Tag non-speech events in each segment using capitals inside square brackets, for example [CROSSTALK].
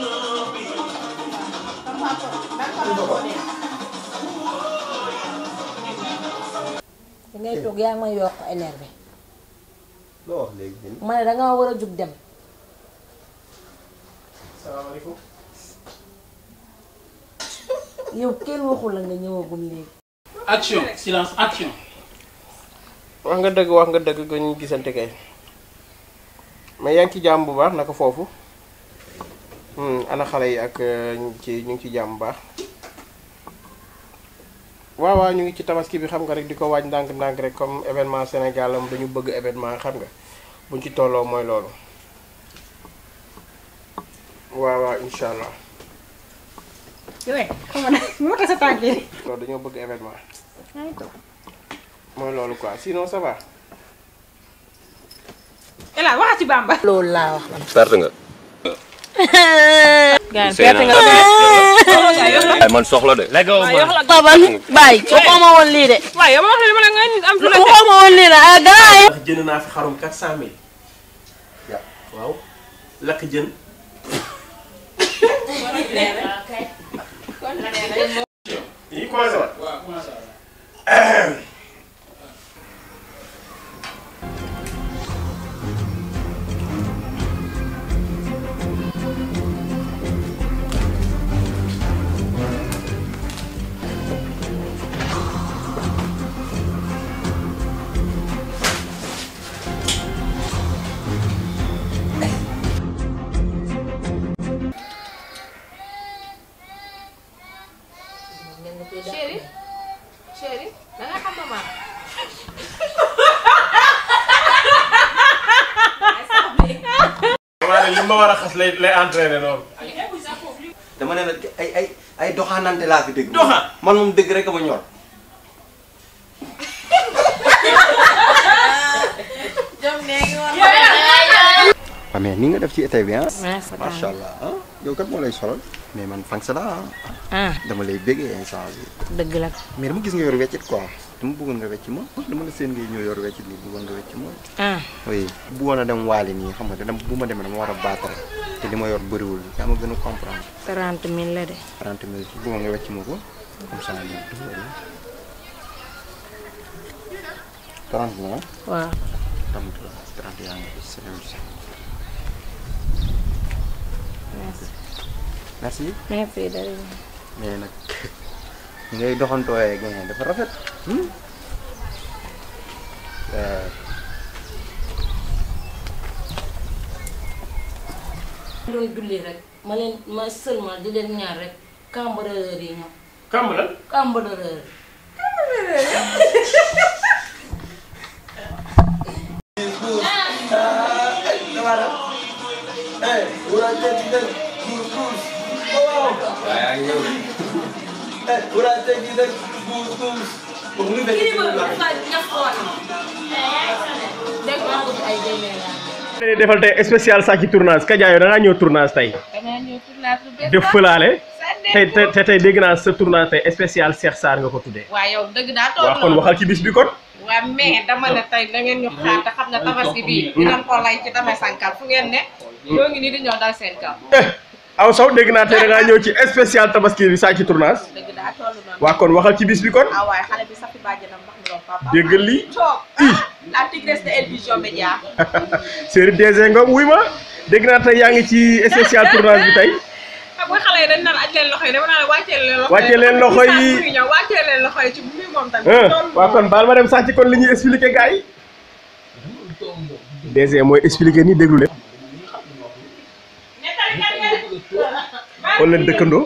da ngay toog yaa ngi may énervé. loo wax léegi. ma ne da nga war yow la nga action silence action. wax nga dëgg wax nga dëgg gën gisante kay. mais bu baax naka Hmm, ana xalé yi ak euh, ci ñu ci jamm baax waaw waaw ñu ngi ci tabaski bi xam nga rek diko ko waaj ndànk rek comme événement Sénégal am dañu bëgg événement xam nga buñ ci tolloo mooy loolu waaw waaw sa allah. loolu dañu bëgg événement. ay to moy lolu quoi sinon ça va. El Hadj waxaat ci Bamba. loolu laa wax man. nga. gaan perte nga man soxla de. léegoo man babal bàyyi woon lii de. waaye yow woon lii de ah ma war a xas lay lay entraîné loolu. dama ne la ay ay ay laa fi dégg. man moom dégg rek ma ñor. waaw ah, mais ni nga def ci été bi ah? macha allah ah yow kat moo lay solal. mais man fang la ah. dama lay béggee instant bi. dëgg la. mais dama gis nga yor weccit quoi. dama bëggoon nga wecc ma dama la seen ngay ñëw yor wecc nii bëggoon nga wecc ma. Ah. oui bu woon a dem waali nii xam nga dama bu ma dem demee dama war a baatare te li ma yor bëriwul daa ma gën a comprendre. 30 000 la de. 30 000 bëggoon nga wecc ma ko comme ça nii. 30 000 ah. waaw. 30 nag. ñi ngay doxantooyee gañe dafa rafet hmm? doon julli rek ma leen ma seulement di leen ñaar rek cambreur yi ñoom [LAUGHS] Buradan sevgili de buz buz. Bunu bekliyorlar. tournage Kadiayo da ñëw tournage tey. da fëlaale. tey tey tey sa tournage tey spécial Cheikh Sarr nga ko tuddee. waaw yow dëgg naa toog waaw kon waxal ci bis bi kon. waaw mais dama ne tey da ñu xaar te xam ne tabaski bii. dinañ ko lay ci damay sànkal fu ngeen ne. ñoo ngi nii di ñëw dal seen kaw. Eh, aw saw dégg naa tey da ñëw ci spécial tabaski bi saa ci tournage. waa kon waxal ci bis bi kon. ah dégg lii. toog ah la tigresse [LAUGHS] wuy ma dégg naa tey yaa ngi ci spécial tournage bi tey. xam ah, nga xale yi ah, kon baal ma dem sax ci kon li ñuy expliqué gars yi. Désé mooy expliqué nii déglu leen. wala leen dëkkandoo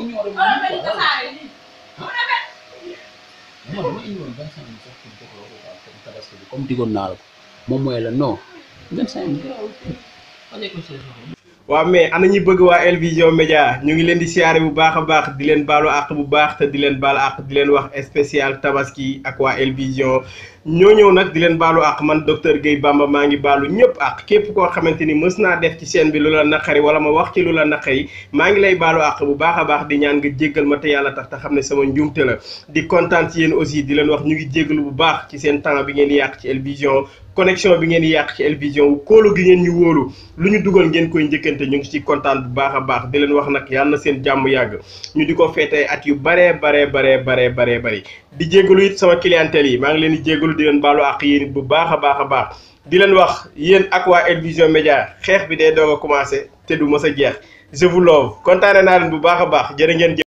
comme naa moom mooy la waaw mais ana ñi bëgg waa El Média ñu ngi leen di siyaare bu baax a baax di leen baalu àq bu baax te di leen baal àq di leen wax spécial tabaski ak waa El Vision ñoo ñëw nag di leen baalu àq man docteur Guèye Bamba maa ngi baalu ñëpp àq képp koo xamante ni mës naa def ci seen bi lu la naqari wala ma wax ci lu la naqari maa ngi lay baalu àq bu baax a baax di ñaan nga jéggal ma te yàlla tax te xam ne sama njuumte la di kontaan ci yéen aussi di leen wax ñu ngi jéggalu bu baax ci seen temps bi ngeen yàq ci El connexion bi ngeen yàq ci El Vision wu kóolu gi ngeen ñu wóolu lu ñu dugal ngeen koy njëkkante ñu ngi ci kontaan bu baax a baax di leen wax nag yàlla seen jàmm yàgg ñu di ko feetee at yu baree baree baree baree baree bëri di jégalu it sama clientèle yi maa ngi leen di jégalu di leen baalu àq yéen it bu baax a baax a baax di leen wax yéen ak waa El Vision Média xeex bi dee doog a commencé te du mës a jeex je vous love kontaane naa leen bu baax a baax jërë ngeen